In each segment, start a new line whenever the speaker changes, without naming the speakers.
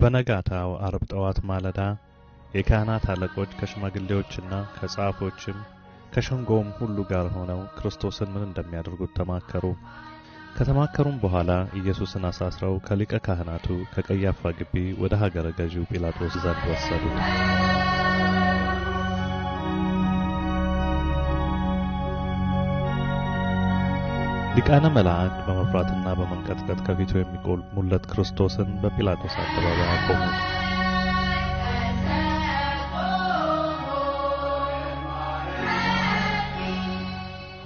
በበነጋታው አርብ ጠዋት ማለዳ የካህናት አለቆች ከሽማግሌዎችና ከጻፎችም ከሸንጎም ሁሉ ጋር ሆነው ክርስቶስን ምን እንደሚያደርጉት ተማከሩ። ከተማከሩም በኋላ ኢየሱስን አሳስረው ከሊቀ ካህናቱ ከቀያፋ ግቢ ወደ ሀገረ ገዢው ጲላጦስ ዘንድ ወሰዱት። ሊቃነ መላእክት በመፍራትና በመንቀጥቀጥ ከፊቱ የሚቆሙለት ክርስቶስን በጲላጦስ አደባባይ አቆሙት።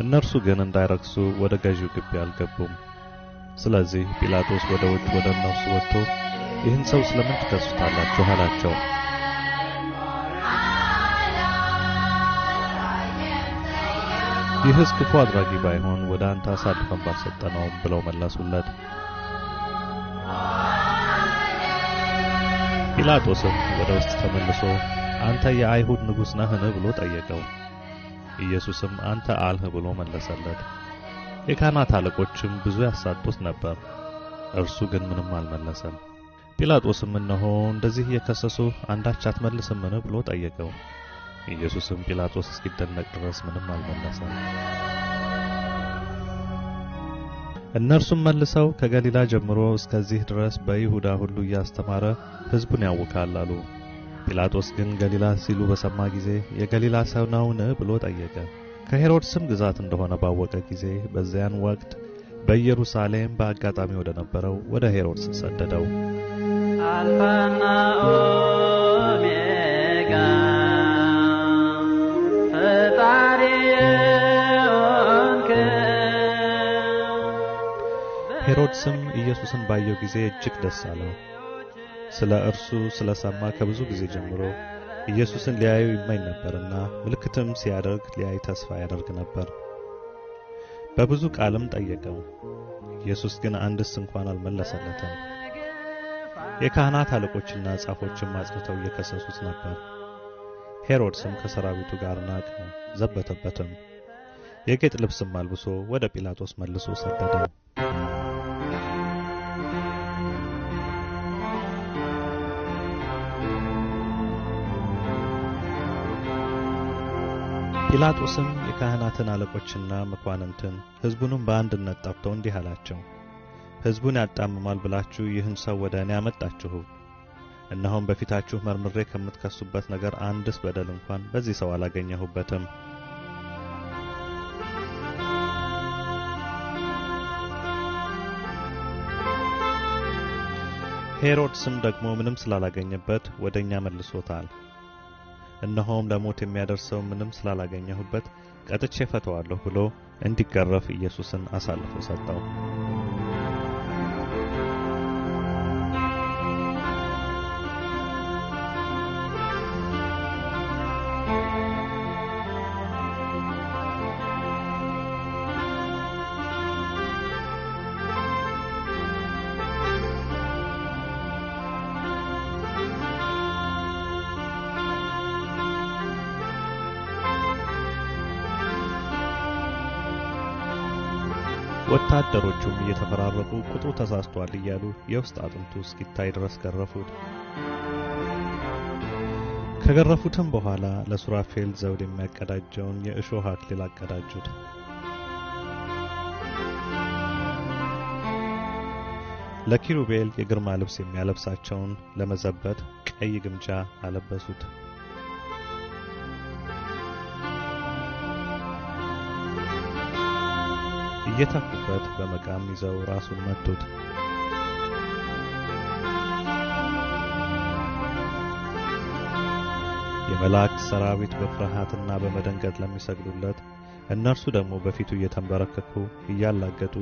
እነርሱ ግን እንዳይረክሱ ወደ ገዢው ግቢ አልገቡም። ስለዚህ ጲላጦስ ወደ ውጭ ወደ እነርሱ ወጥቶ ይህን ሰው ስለምን ትከሱታላችሁ? አላቸው። ይህስ ክፉ አድራጊ ባይሆን ወደ አንተ አሳልፈን ባልሰጠነው ብለው መለሱለት። ጲላጦስም ወደ ውስጥ ተመልሶ አንተ የአይሁድ ንጉሥ ነህን ብሎ ጠየቀው። ኢየሱስም አንተ አልህ ብሎ መለሰለት። የካህናት አለቆችም ብዙ ያሳጡት ነበር፣ እርሱ ግን ምንም አልመለሰም። ጲላጦስም እነሆ እንደዚህ የከሰሱ አንዳች አትመልስምን ብሎ ጠየቀው። ኢየሱስም ጲላጦስ እስኪደነቅ ድረስ ምንም አልመለሰም። እነርሱም መልሰው ከገሊላ ጀምሮ እስከዚህ ድረስ በይሁዳ ሁሉ እያስተማረ ሕዝቡን ያውካል አሉ። ጲላጦስ ግን ገሊላ ሲሉ በሰማ ጊዜ የገሊላ ሰው ነውን ብሎ ጠየቀ። ከሄሮድስም ግዛት እንደሆነ ባወቀ ጊዜ በዚያን ወቅት በኢየሩሳሌም በአጋጣሚ ወደ ነበረው ወደ ሄሮድስ ሰደደው። አልፋና ኦሜጋ ሄሮድስም ኢየሱስን ባየው ጊዜ እጅግ ደስ አለው። ስለ እርሱ ስለ ሰማ ከብዙ ጊዜ ጀምሮ ኢየሱስን ሊያዩ ይመኝ ነበርና ምልክትም ሲያደርግ ሊያይ ተስፋ ያደርግ ነበር። በብዙ ቃልም ጠየቀው፣ ኢየሱስ ግን አንድስ እንኳን አልመለሰለትም። የካህናት አለቆችና ጻፎችም አጽንተው እየከሰሱት ነበር። ሄሮድስም ከሰራዊቱ ጋር ናቀ፣ ዘበተበትም። የጌጥ ልብስም አልብሶ ወደ ጲላጦስ መልሶ ሰደደው። ጲላጦስም የካህናትን አለቆችና መኳንንትን ሕዝቡንም በአንድነት ጠርቶ እንዲህ አላቸው። ሕዝቡን ያጣምማል ብላችሁ ይህን ሰው ወደ እኔ አመጣችሁ። እነሆም በፊታችሁ መርምሬ ከምትከሱበት ነገር አንድስ በደል እንኳን በዚህ ሰው አላገኘሁበትም። ሄሮድስም ደግሞ ምንም ስላላገኘበት ወደ እኛ መልሶታል። እነሆም ለሞት የሚያደርሰው ምንም ስላላገኘሁበት ቀጥቼ ፈተዋለሁ ብሎ እንዲገረፍ ኢየሱስን አሳልፎ ሰጠው። ወታደሮቹም እየተፈራረቁ ቁጥሩ ተሳስቷል እያሉ የውስጥ አጥንቱ እስኪታይ ድረስ ገረፉት። ከገረፉትም በኋላ ለሱራፌል ዘውድ የሚያቀዳጀውን የእሾህ አክሊል አቀዳጁት። ለኪሩቤል የግርማ ልብስ የሚያለብሳቸውን ለመዘበት ቀይ ግምጃ አለበሱት። እየተፉበት በመቃም ይዘው ራሱን መቱት። የመላእክት ሰራዊት በፍርሃትና በመደንገጥ ለሚሰግዱለት፣ እነርሱ ደግሞ በፊቱ እየተንበረከኩ እያላገጡ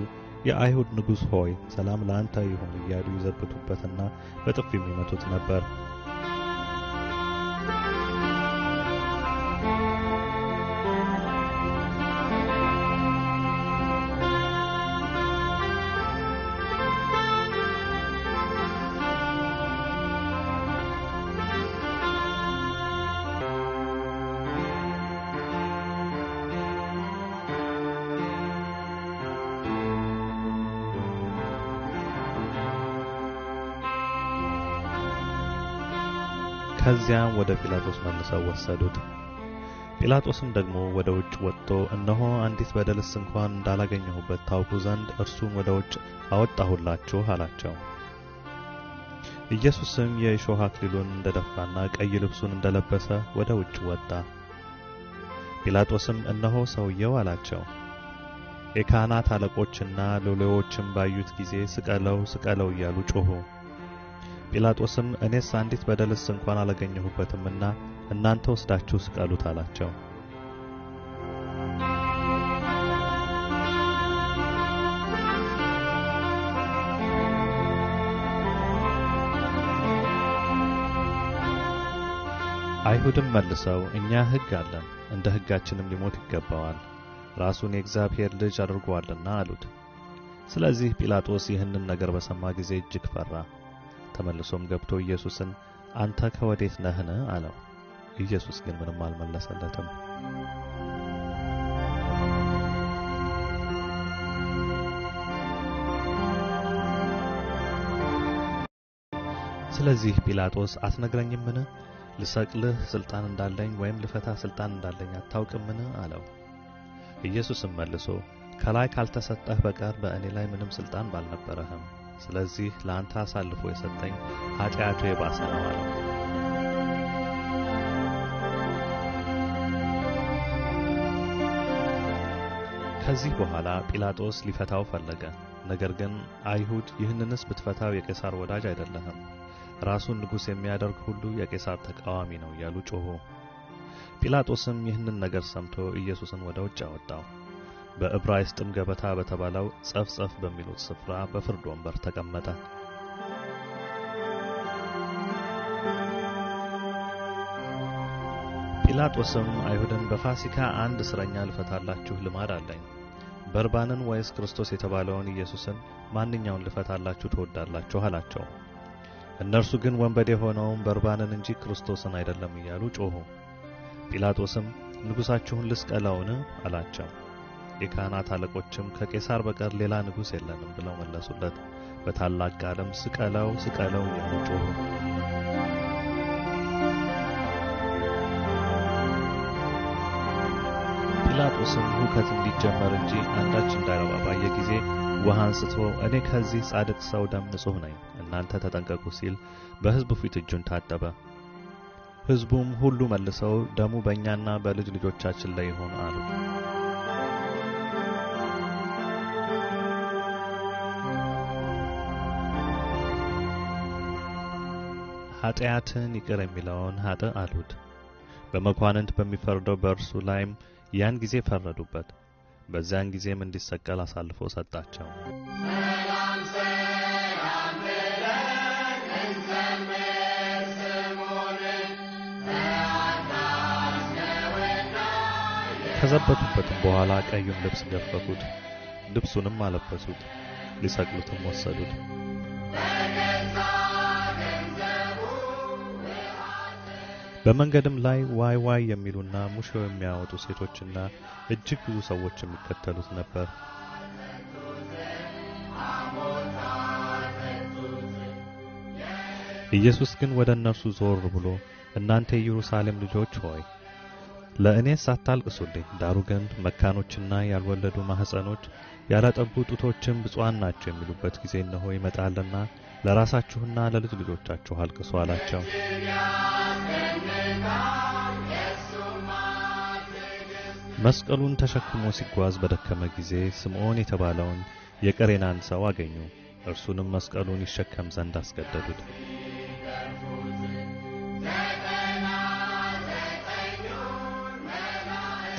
የአይሁድ ንጉሥ ሆይ ሰላም ለአንተ ይሁን እያሉ ይዘብቱበትና በጥፊም የሚመቱት ነበር። ከዚያም ወደ ጲላጦስ መልሰው ወሰዱት። ጲላጦስም ደግሞ ወደ ውጭ ወጥቶ እነሆ አንዲት በደልስ እንኳን እንዳላገኘሁበት ታውቁ ዘንድ እርሱን ወደ ውጭ አወጣሁላችሁ አላቸው። ኢየሱስም የእሾህ አክሊሉን እንደደፋና ቀይ ልብሱን እንደለበሰ ወደ ውጭ ወጣ። ጲላጦስም እነሆ ሰውየው አላቸው። የካህናት አለቆችና ሎሌዎችም ባዩት ጊዜ ስቀለው ስቀለው እያሉ ጮኹ። ጲላጦስም እኔስ አንዲት በደልስ እንኳን አላገኘሁበትምና እናንተ ወስዳችሁ ስቀሉት አላቸው። አይሁድም መልሰው እኛ ሕግ አለን፣ እንደ ሕጋችንም ሊሞት ይገባዋል፣ ራሱን የእግዚአብሔር ልጅ አድርጓልና አሉት። ስለዚህ ጲላጦስ ይህንን ነገር በሰማ ጊዜ እጅግ ፈራ። ተመልሶም ገብቶ ኢየሱስን አንተ ከወዴት ነህን አለው። ኢየሱስ ግን ምንም አልመለሰለትም። ስለዚህ ጲላጦስ አትነግረኝምን? ልሰቅልህ ስልጣን እንዳለኝ ወይም ልፈታ ስልጣን እንዳለኝ አታውቅምን? አለው። ኢየሱስም መልሶ ከላይ ካልተሰጠህ በቀር በእኔ ላይ ምንም ስልጣን ባልነበረህም ስለዚህ ለአንተ አሳልፎ የሰጠኝ ኃጢአቱ የባሰ ነው አለ። ከዚህ በኋላ ጲላጦስ ሊፈታው ፈለገ። ነገር ግን አይሁድ ይህንንስ ብትፈታው የቄሳር ወዳጅ አይደለህም፣ ራሱን ንጉሥ የሚያደርግ ሁሉ የቄሳር ተቃዋሚ ነው እያሉ ጮኹ። ጲላጦስም ይህንን ነገር ሰምቶ ኢየሱስን ወደ ውጭ አወጣው። በዕብራይስጥም ገበታ በተባለው ጸፍጸፍ በሚሉት ስፍራ በፍርድ ወንበር ተቀመጠ። ጲላጦስም አይሁድን በፋሲካ አንድ እስረኛ ልፈታላችሁ ልማድ አለኝ፣ በርባንን ወይስ ክርስቶስ የተባለውን ኢየሱስን ማንኛውን ልፈታላችሁ ትወዳላችሁ? አላቸው። እነርሱ ግን ወንበዴ የሆነውን በርባንን እንጂ ክርስቶስን አይደለም እያሉ ጮኹ። ጲላጦስም ንጉሣችሁን ልስቀለውን? አላቸው። የካህናት አለቆችም ከቄሳር በቀር ሌላ ንጉሥ የለንም ብለው መለሱለት። በታላቅ ቃልም ስቀለው ስቀለው የሚጮሁ ጲላጦስም ሁከት እንዲጀመር እንጂ አንዳች እንዳይረባ ባየ ጊዜ ውሃ አንስቶ እኔ ከዚህ ጻድቅ ሰው ደም ንጹሕ ነኝ፣ እናንተ ተጠንቀቁ ሲል በሕዝቡ ፊት እጁን ታጠበ። ሕዝቡም ሁሉ መልሰው ደሙ በእኛና በልጅ ልጆቻችን ላይ ይሆን አሉ። ኃጢአትን ይቅር የሚለውን ሀጥ አሉት። በመኳንንት በሚፈርደው በእርሱ ላይም ያን ጊዜ ፈረዱበት። በዚያን ጊዜም እንዲሰቀል አሳልፎ ሰጣቸው። ከዘበቱበትም በኋላ ቀዩን ልብስ ገፈፉት፣ ልብሱንም አለበሱት፣ ሊሰቅሉትም ወሰዱት። በመንገድም ላይ ዋይ ዋይ የሚሉና ሙሾ የሚያወጡ ሴቶችና እጅግ ብዙ ሰዎች የሚከተሉት ነበር። ኢየሱስ ግን ወደ እነርሱ ዞር ብሎ እናንተ የኢየሩሳሌም ልጆች ሆይ ለእኔ ሳታልቅሱልኝ ዳሩ ግን መካኖችና ያልወለዱ ማኅፀኖች ያላጠቡ ጡቶችም ብፁዓን ናቸው የሚሉበት ጊዜ እነሆ ይመጣልና ለራሳችሁና ለልጅ ልጆቻችሁ አልቅሱ አላቸው። መስቀሉን ተሸክሞ ሲጓዝ በደከመ ጊዜ ስምዖን የተባለውን የቀሬናን ሰው አገኙ። እርሱንም መስቀሉን ይሸከም ዘንድ አስገደዱት።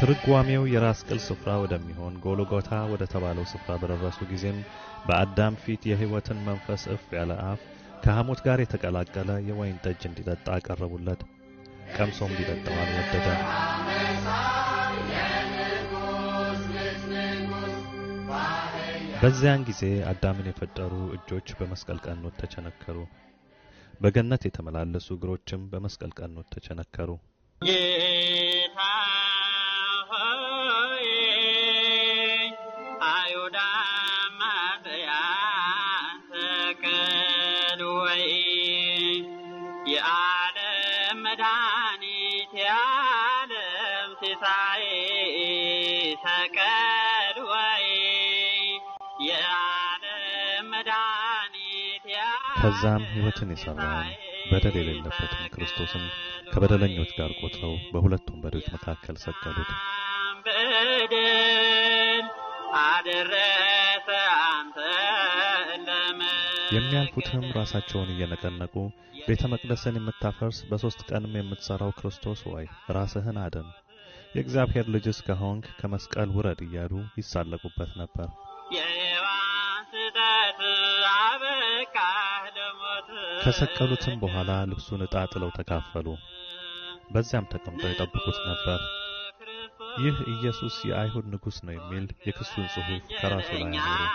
ትርጓሜው የራስ ቅል ስፍራ ወደሚሆን ጎልጎታ ወደ ተባለው ስፍራ በደረሱ ጊዜም በአዳም ፊት የሕይወትን መንፈስ እፍ ያለ አፍ ከሐሞት ጋር የተቀላቀለ የወይን ጠጅ እንዲጠጣ አቀረቡለት። ቀምሶም ሊጠጣው አልወደደም። በዚያን ጊዜ አዳምን የፈጠሩ እጆች በመስቀል ቀኖት ተቸነከሩ፣ በገነት የተመላለሱ እግሮችም በመስቀል ቀኖት ተቸነከሩ። ጌታ ሆይ ፍቀድ ወይ የዓለም መድኃኒት። ከዛም ሕይወትን የሠራውን በደል የሌለበትን ክርስቶስን ከበደለኞች ጋር ቆጥረው በሁለቱም በደሎች መካከል ሰቀሉት። በደል አደረሰ አንተ የሚያልፉትም ራሳቸውን እየነቀነቁ ቤተ መቅደስን የምታፈርስ በሦስት ቀንም የምትሠራው ክርስቶስ ወይ ራስህን አደም የእግዚአብሔር ልጅስ ከሆንክ ከመስቀል ውረድ እያሉ ይሳለቁበት ነበር። ከሰቀሉትም በኋላ ልብሱን ዕጣ ጥለው ተካፈሉ። በዚያም ተቀምጠው የጠብቁት ነበር። ይህ ኢየሱስ የአይሁድ ንጉሥ ነው የሚል የክሱን ጽሑፍ ከራሱ ላይ አኖሩ።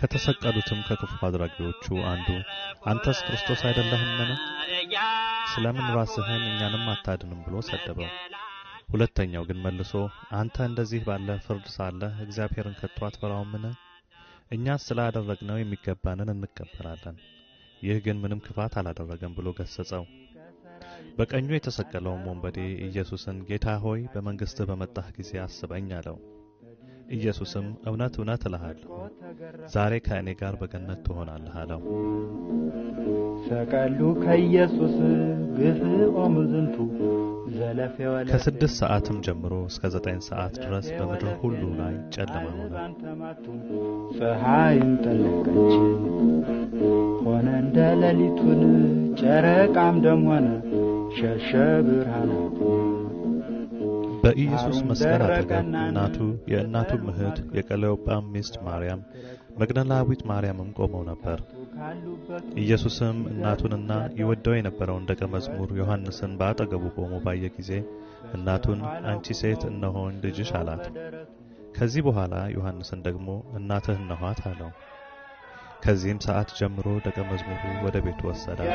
ከተሰቀሉትም ከክፉ አድራጊዎቹ አንዱ አንተስ ክርስቶስ አይደለህምን? ስለምን ራስህን እኛንም አታድንም ብሎ ሰደበው። ሁለተኛው ግን መልሶ አንተ እንደዚህ ባለ ፍርድ ሳለህ እግዚአብሔርን ከቶ አትፈራውምን? እኛ ስላደረግነው የሚገባንን እንቀበላለን፣ ይህ ግን ምንም ክፋት አላደረገም ብሎ ገሰጸው። በቀኙ የተሰቀለው ወንበዴ ኢየሱስን ጌታ ሆይ በመንግሥትህ በመጣህ ጊዜ አስበኝ አለው። ኢየሱስም እውነት እውነት እልሃለሁ ዛሬ ከእኔ ጋር በገነት ትሆናለህ አለው። ሰቀሉ ከኢየሱስ ግፍኦ ምዝንቱ ከስድስት ሰዓትም ጀምሮ እስከ ዘጠኝ ሰዓት ድረስ በምድር ሁሉ ላይ ጨለማ ሆነ። ፀሐይም ጠለቀች ሆነ እንደ ሌሊቱን፣ ጨረቃም ደም ሆነ ሸሸ ብርሃን በኢየሱስ መስቀል አጠገብ እናቱ የእናቱም እህት የቀለዮጳ ሚስት ማርያም መግደላዊት ማርያምም ቆመው ነበር። ኢየሱስም እናቱንና ይወደው የነበረውን ደቀ መዝሙር ዮሐንስን በአጠገቡ ቆሞ ባየ ጊዜ እናቱን አንቺ ሴት እነሆኝ ልጅሽ አላት። ከዚህ በኋላ ዮሐንስን ደግሞ እናትህ እነኋት አለው። ከዚህም ሰዓት ጀምሮ ደቀ መዝሙሩ ወደ ቤቱ ወሰዳል።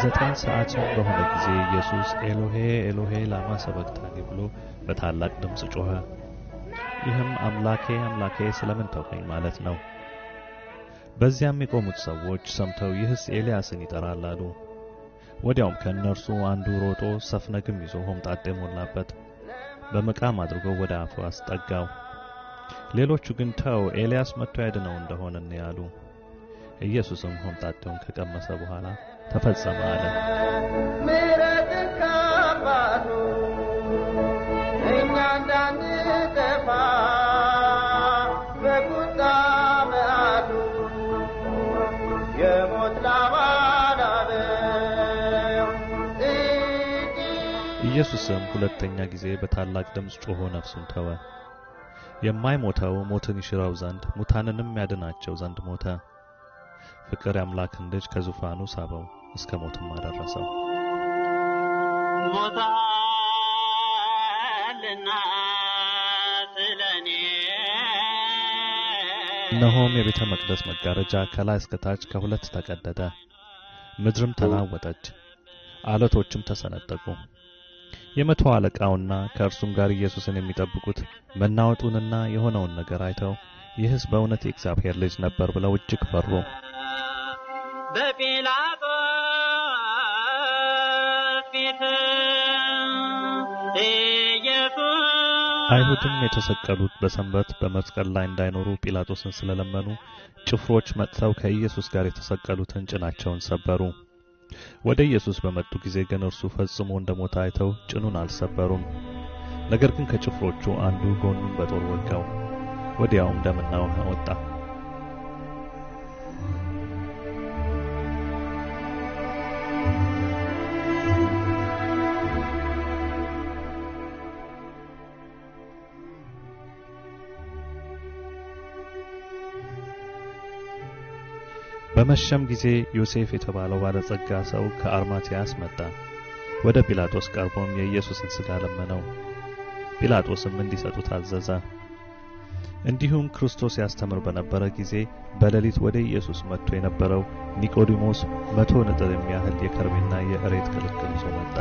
ዘጠኝ ሰዓትም በሆነ ጊዜ ኢየሱስ ኤሎሄ ኤሎሄ ላማ ሰበቅታኒ ብሎ በታላቅ ድምፅ ጮኸ። ይህም አምላኬ አምላኬ ስለምን ተውከኝ ማለት ነው። በዚያም የቆሙት ሰዎች ሰምተው ይህስ ኤልያስን ይጠራል አሉ። ወዲያውም ከእነርሱ አንዱ ሮጦ ሰፍነግም ይዞ ሆምጣጤ ሞላበት፣ በመቃም አድርጎ ወደ አፉ አስጠጋው። ሌሎቹ ግን ተው ኤልያስ መጥቶ ያድነው እንደሆነ ያሉ። ኢየሱስም ሆምጣጤውን ከቀመሰ በኋላ ተፈጸመ አለ። ኢየሱስም ሁለተኛ ጊዜ በታላቅ ድምፅ ጮሆ ነፍሱን ተወ። የማይሞተው ሞትን ይሽረው ዘንድ ሙታንንም ያድናቸው ዘንድ ሞተ። ፍቅር የአምላክን ልጅ ከዙፋኑ ሳበው። እስከ ሞቱም አደረሰው። እነሆም የቤተ መቅደስ መጋረጃ ከላይ እስከ ታች ከሁለት ተቀደደ፣ ምድርም ተናወጠች፣ አለቶችም ተሰነጠቁ። የመቶ አለቃውና ከእርሱም ጋር ኢየሱስን የሚጠብቁት መናወጡንና የሆነውን ነገር አይተው ይህስ በእውነት የእግዚአብሔር ልጅ ነበር ብለው እጅግ ፈሩ። በጲላ አይሁድም የተሰቀሉት በሰንበት በመስቀል ላይ እንዳይኖሩ ጲላጦስን ስለለመኑ ጭፍሮች መጥተው ከኢየሱስ ጋር የተሰቀሉትን ጭናቸውን ሰበሩ። ወደ ኢየሱስ በመጡ ጊዜ ግን እርሱ ፈጽሞ ሞተ አይተው ጭኑን አልሰበሩም። ነገር ግን ከጭፍሮቹ አንዱ ጎኑን በጦር ወጋው፣ ወዲያውም ደምና ውሃ ወጣ። በመሸም ጊዜ ዮሴፍ የተባለው ባለጸጋ ሰው ከአርማትያስ መጣ። ወደ ጲላጦስ ቀርቦም የኢየሱስን ሥጋ ለመነው። ጲላጦስም እንዲሰጡት አዘዘ። እንዲሁም ክርስቶስ ያስተምር በነበረ ጊዜ በሌሊት ወደ ኢየሱስ መጥቶ የነበረው ኒቆዲሞስ መቶ ንጥር የሚያህል የከርቤና የእሬት ክልክል ይዞ መጣ።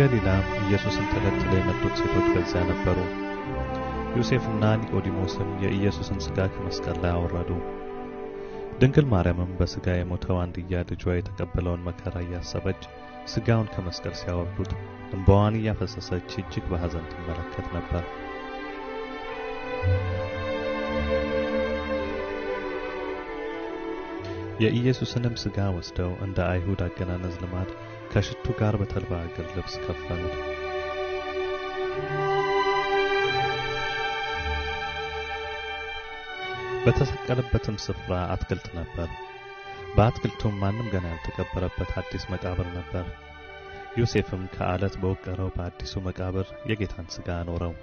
ከገሊላ ኢየሱስን ተከትለው የመጡት ሴቶች በዚያ ነበሩ። ዮሴፍና ኒቆዲሞስም የኢየሱስን ሥጋ ከመስቀል ላይ አወረዱ። ድንግል ማርያምም በሥጋ የሞተው አንድያ ልጇ የተቀበለውን መከራ እያሰበች ሥጋውን ከመስቀል ሲያወርዱት እንባዋን እያፈሰሰች እጅግ በሐዘን ትመለከት ነበር። የኢየሱስንም ሥጋ ወስደው እንደ አይሁድ አገናነዝ ልማድ ከሽቱ ጋር በተልባ እግር ልብስ ከፈን። በተሰቀለበትም ስፍራ አትክልት ነበር። በአትክልቱም ማንም ገና ያልተቀበረበት አዲስ መቃብር ነበር። ዮሴፍም ከአለት በወቀረው በአዲሱ መቃብር የጌታን ሥጋ አኖረው።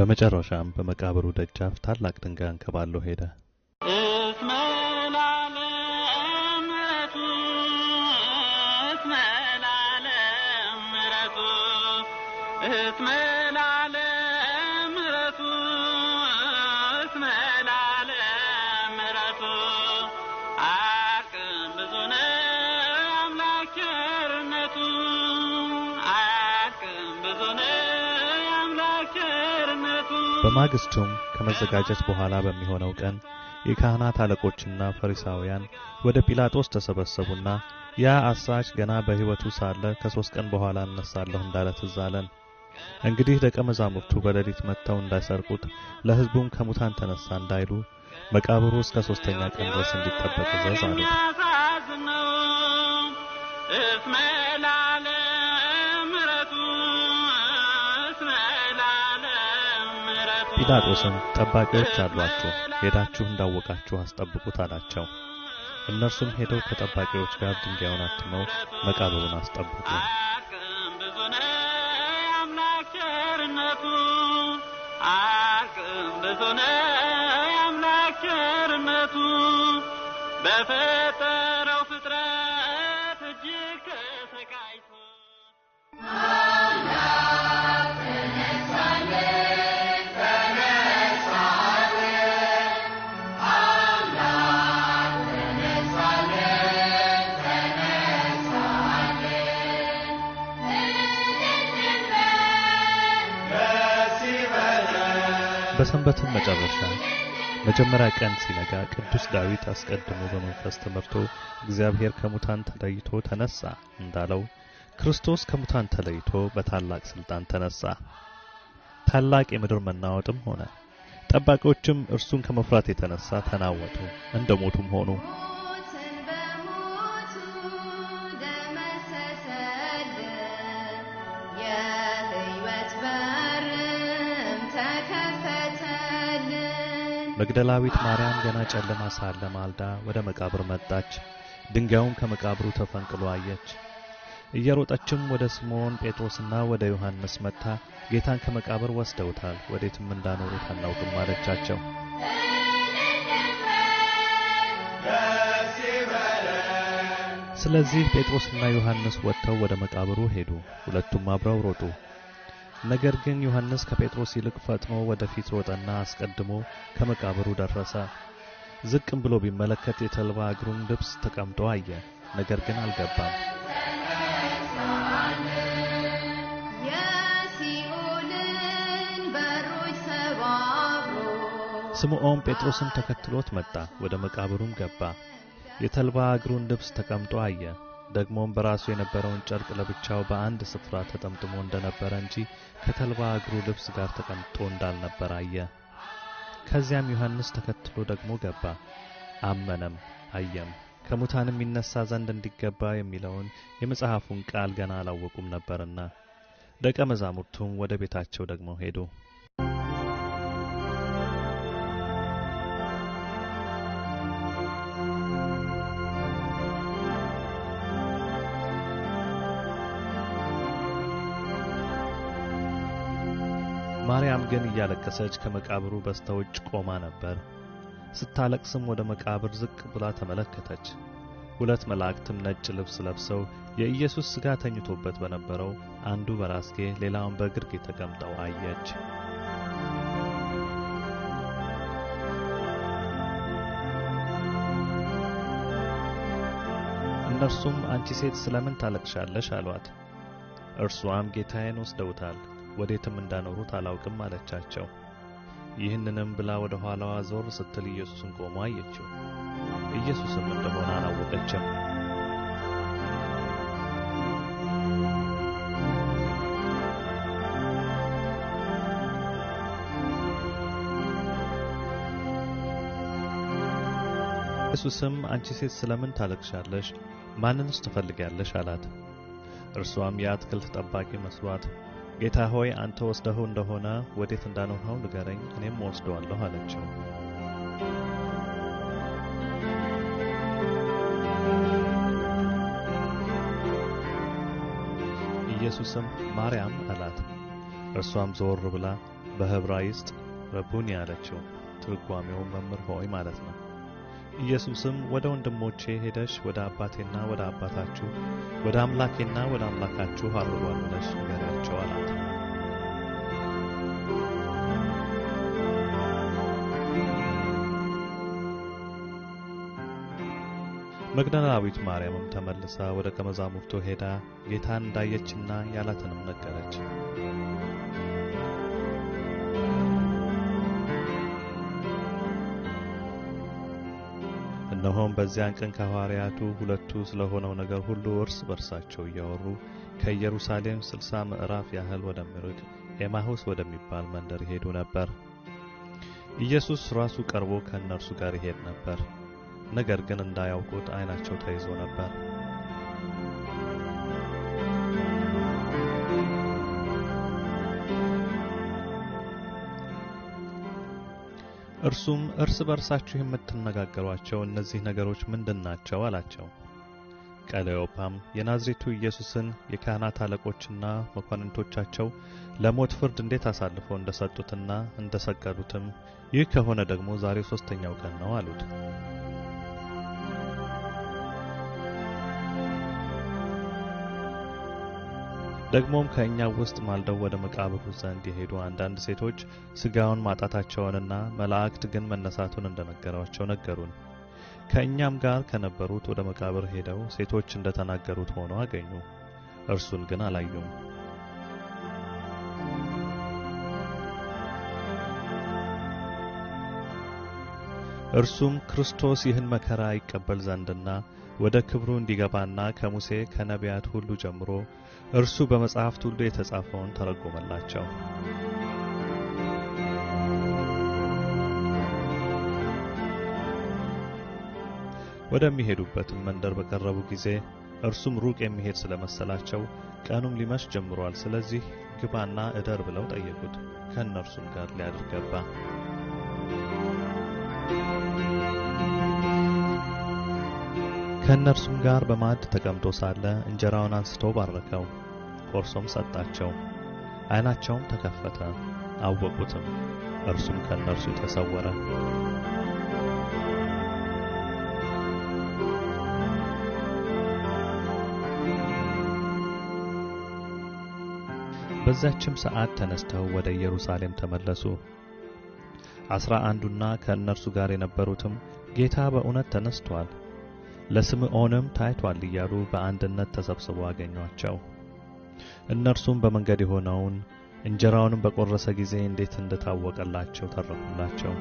በመጨረሻም በመቃብሩ ደጃፍ ታላቅ ድንጋይ አንከባሎ ሄደ በማግስቱም ከመዘጋጀት በኋላ በሚሆነው ቀን የካህናት አለቆችና ፈሪሳውያን ወደ ጲላጦስ ተሰበሰቡና ያ አሳች ገና በሕይወቱ ሳለ ከሦስት ቀን በኋላ እነሳለሁ እንዳለ ትዝ አለን። እንግዲህ ደቀ መዛሙርቱ በሌሊት መጥተው እንዳይሰርቁት ለሕዝቡም ከሙታን ተነሳ እንዳይሉ መቃብሩ እስከ ሦስተኛ ቀን ድረስ እንዲጠበቅ እዘዝ አሉት። ጲላጦስም ጠባቂዎች አሏችሁ፣ ሄዳችሁ እንዳወቃችሁ አስጠብቁት አላቸው። እነርሱም ሄደው ከጠባቂዎች ጋር ድንጋዩን አትመው መቃብሩን አስጠብቁ። አቅም ብዙ ነው የአምላክ ቸርነቱ በፈጠረ የሰንበትን መጨረሻ መጀመሪያ ቀን ሲነጋ ቅዱስ ዳዊት አስቀድሞ በመንፈስ ተመርቶ እግዚአብሔር ከሙታን ተለይቶ ተነሳ እንዳለው ክርስቶስ ከሙታን ተለይቶ በታላቅ ሥልጣን ተነሳ። ታላቅ የምድር መናወጥም ሆነ። ጠባቂዎችም እርሱን ከመፍራት የተነሳ ተናወጡ፣ እንደ ሞቱም ሆኑ። መግደላዊት ማርያም ገና ጨለማ ሳለ ማልዳ ወደ መቃብር መጣች። ድንጋዩን ከመቃብሩ ተፈንቅሎ አየች። እየሮጠችም ወደ ስምዖን ጴጥሮስና ወደ ዮሐንስ መጥታ ጌታን ከመቃብር ወስደውታል፣ ወዴትም እንዳኖሩት አናውቅም አለቻቸው። ስለዚህ ጴጥሮስና ዮሐንስ ወጥተው ወደ መቃብሩ ሄዱ። ሁለቱም አብረው ሮጡ። ነገር ግን ዮሐንስ ከጴጥሮስ ይልቅ ፈጥኖ ወደፊት ሮጠና አስቀድሞ ከመቃብሩ ደረሰ። ዝቅም ብሎ ቢመለከት የተልባ እግሩን ልብስ ተቀምጦ አየ፣ ነገር ግን አልገባም። ስምዖን ጴጥሮስም ተከትሎት መጣ፣ ወደ መቃብሩም ገባ። የተልባ እግሩን ልብስ ተቀምጦ አየ፣ ደግሞም በራሱ የነበረውን ጨርቅ ለብቻው በአንድ ስፍራ ተጠምጥሞ እንደነበረ እንጂ ከተልባ እግሩ ልብስ ጋር ተቀምጦ እንዳልነበር አየ። ከዚያም ዮሐንስ ተከትሎ ደግሞ ገባ፣ አመነም፣ አየም። ከሙታንም ይነሳ ዘንድ እንዲገባ የሚለውን የመጽሐፉን ቃል ገና አላወቁም ነበርና። ደቀ መዛሙርቱም ወደ ቤታቸው ደግሞ ሄዱ። ማርያም ግን እያለቀሰች ከመቃብሩ በስተውጭ ቆማ ነበር። ስታለቅስም ወደ መቃብር ዝቅ ብላ ተመለከተች። ሁለት መላእክትም ነጭ ልብስ ለብሰው የኢየሱስ ሥጋ ተኝቶበት በነበረው አንዱ በራስጌ ሌላውን በግርጌ ተቀምጠው አየች። እነርሱም አንቺ ሴት ስለምን ታለቅሻለሽ? አሏት። እርሷም ጌታዬን ወስደውታል ወዴትም እንዳኖሩት አላውቅም አለቻቸው። ይህንንም ብላ ወደ ኋላዋ ዞር ስትል ኢየሱስን ቆሞ አየችው። ኢየሱስም እንደሆነ አላወቀችም። ኢየሱስም አንቺ ሴት ስለምን ታለቅሻለሽ? ማንንስ ትፈልጊያለሽ? አላት። እርሷም የአትክልት ጠባቂ መስሏት ጌታ ሆይ አንተ ወስደኸው እንደሆነ ወዴት እንዳኖርኸው ንገረኝ፣ እኔም ወስደዋለሁ አለችው። ኢየሱስም ማርያም አላት። እርሷም ዘወር ብላ በዕብራይስጥ ረቡኒ አለችው። ትርጓሜው መምር ሆይ ማለት ነው። ኢየሱስም ወደ ወንድሞቼ ሄደሽ ወደ አባቴና ወደ አባታችሁ ወደ አምላኬና ወደ አምላካችሁ አብሯል ብለሽ ንገሪያቸው አላት። መግደላዊት ማርያምም ተመልሳ ወደ ከመዛሙርቱ ሄዳ ጌታን እንዳየችና ያላትንም ነገረች። እነሆም በዚያን ቀን ከሐዋርያቱ ሁለቱ ስለሆነው ነገር ሁሉ እርስ በርሳቸው እያወሩ ከኢየሩሳሌም ስልሳ ምዕራፍ ያህል ወደሚርቅ ኤማሁስ ወደሚባል መንደር ይሄዱ ነበር። ኢየሱስ ራሱ ቀርቦ ከእነርሱ ጋር ይሄድ ነበር። ነገር ግን እንዳያውቁት አይናቸው ተይዞ ነበር። እርሱም እርስ በርሳችሁ የምትነጋገሯቸው እነዚህ ነገሮች ምንድን ናቸው አላቸው። ቀለዮፓም የናዝሬቱ ኢየሱስን የካህናት አለቆችና መኳንንቶቻቸው ለሞት ፍርድ እንዴት አሳልፈው እንደሰጡትና እንደሰቀሉትም ይህ ከሆነ ደግሞ ዛሬ ሦስተኛው ቀን ነው አሉት። ደግሞም ከእኛ ውስጥ ማልደው ወደ መቃብሩ ዘንድ የሄዱ አንዳንድ ሴቶች ሥጋውን ማጣታቸውንና መላእክት ግን መነሳቱን እንደነገሯቸው ነገሩን። ከእኛም ጋር ከነበሩት ወደ መቃብር ሄደው ሴቶች እንደተናገሩት ሆኖ አገኙ፣ እርሱን ግን አላዩም። እርሱም ክርስቶስ ይህን መከራ ይቀበል ዘንድና ወደ ክብሩ እንዲገባና ከሙሴ ከነቢያት ሁሉ ጀምሮ እርሱ በመጽሐፍት ሁሉ የተጻፈውን ተረጎመላቸው። ወደሚሄዱበትም መንደር በቀረቡ ጊዜ እርሱም ሩቅ የሚሄድ ስለመሰላቸው ቀኑም ሊመሽ ጀምሯል፣ ስለዚህ ግባና እደር ብለው ጠየቁት። ከእነርሱም ጋር ሊያድር ገባ። ከእነርሱም ጋር በማዕድ ተቀምጦ ሳለ እንጀራውን አንስቶ ባረከው፣ ቆርሶም ሰጣቸው። ዓይናቸውም ተከፈተ፣ አወቁትም፣ እርሱም ከእነርሱ ተሰወረ። በዚያችም ሰዓት ተነስተው ወደ ኢየሩሳሌም ተመለሱ። አስራ አንዱና ከእነርሱ ጋር የነበሩትም ጌታ በእውነት ተነስቷል ለስምዖንም ታይቷል እያሉ በአንድነት ተሰብስበው አገኟቸው። እነርሱም በመንገድ የሆነውን እንጀራውንም በቆረሰ ጊዜ እንዴት እንደታወቀላቸው ተረኩላቸው።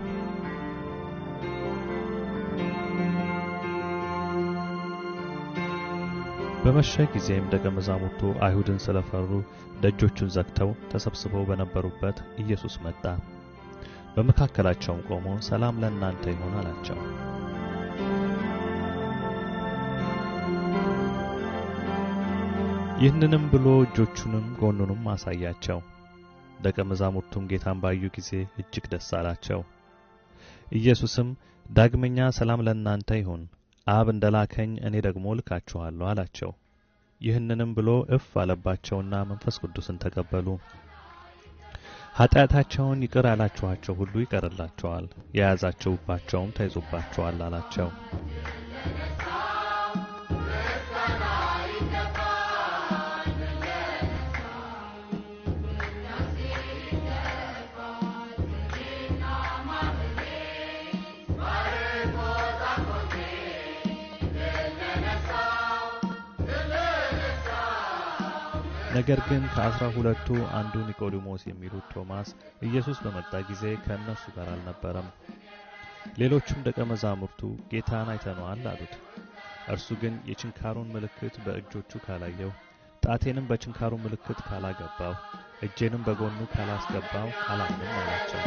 በመሸ ጊዜም ደቀ መዛሙርቱ አይሁድን ስለፈሩ ደጆቹን ዘግተው ተሰብስበው በነበሩበት ኢየሱስ መጣ፣ በመካከላቸውም ቆሞ ሰላም ለእናንተ ይሁን አላቸው። ይህንንም ብሎ እጆቹንም ጎኑንም አሳያቸው። ደቀ መዛሙርቱም ጌታን ባዩ ጊዜ እጅግ ደስ አላቸው። ኢየሱስም ዳግመኛ ሰላም ለእናንተ ይሁን፣ አብ እንደላከኝ እኔ ደግሞ ልካችኋለሁ አላቸው። ይህንንም ብሎ እፍ አለባቸውና መንፈስ ቅዱስን ተቀበሉ። ኃጢአታቸውን ይቅር ያላችኋቸው ሁሉ ይቀርላቸዋል፣ የያዛችሁባቸውም ተይዞባቸዋል አላቸው። ነገር ግን ከአስራ ሁለቱ አንዱ ኒቆዲሞስ የሚሉት ቶማስ ኢየሱስ በመጣ ጊዜ ከእነሱ ጋር አልነበረም። ሌሎቹም ደቀ መዛሙርቱ ጌታን አይተነዋል አሉት። እርሱ ግን የችንካሩን ምልክት በእጆቹ ካላየው፣ ጣቴንም በችንካሩ ምልክት ካላገባው፣ እጄንም በጎኑ ካላስገባው አላምንም አላቸው።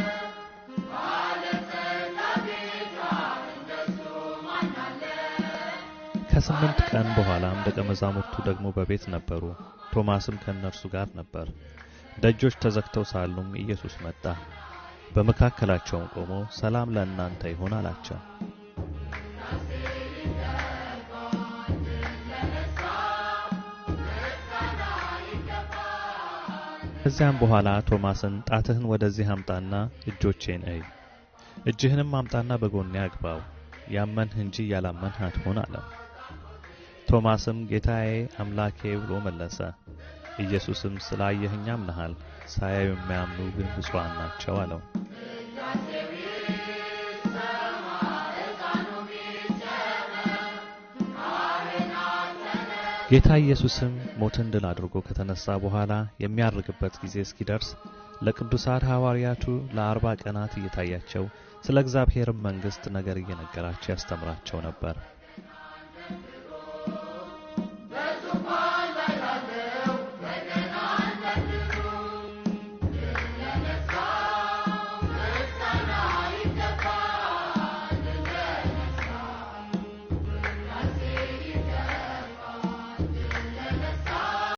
ከስምንት ቀን በኋላም ደቀ መዛሙርቱ ደግሞ በቤት ነበሩ። ቶማስም ከእነርሱ ጋር ነበር። ደጆች ተዘግተው ሳሉም ኢየሱስ መጣ፣ በመካከላቸውም ቆሞ ሰላም ለእናንተ ይሁን አላቸው። ከዚያም በኋላ ቶማስን ጣትህን ወደዚህ አምጣና እጆቼን እይ፣ እጅህንም አምጣና በጎኔ አግባው፣ ያመንህ እንጂ ያላመንህ አትሆን አለው። ቶማስም ጌታዬ አምላኬ ብሎ መለሰ። ኢየሱስም ስላየህ እኛ አምነሃል፣ ሳያዩ የሚያምኑ ግን ብፁዓን ናቸው አለው። ጌታ ኢየሱስም ሞትን ድል አድርጎ ከተነሳ በኋላ የሚያርግበት ጊዜ እስኪደርስ ለቅዱሳት ሐዋርያቱ ለአርባ ቀናት እየታያቸው ስለ እግዚአብሔርም መንግሥት ነገር እየነገራቸው ያስተምራቸው ነበር።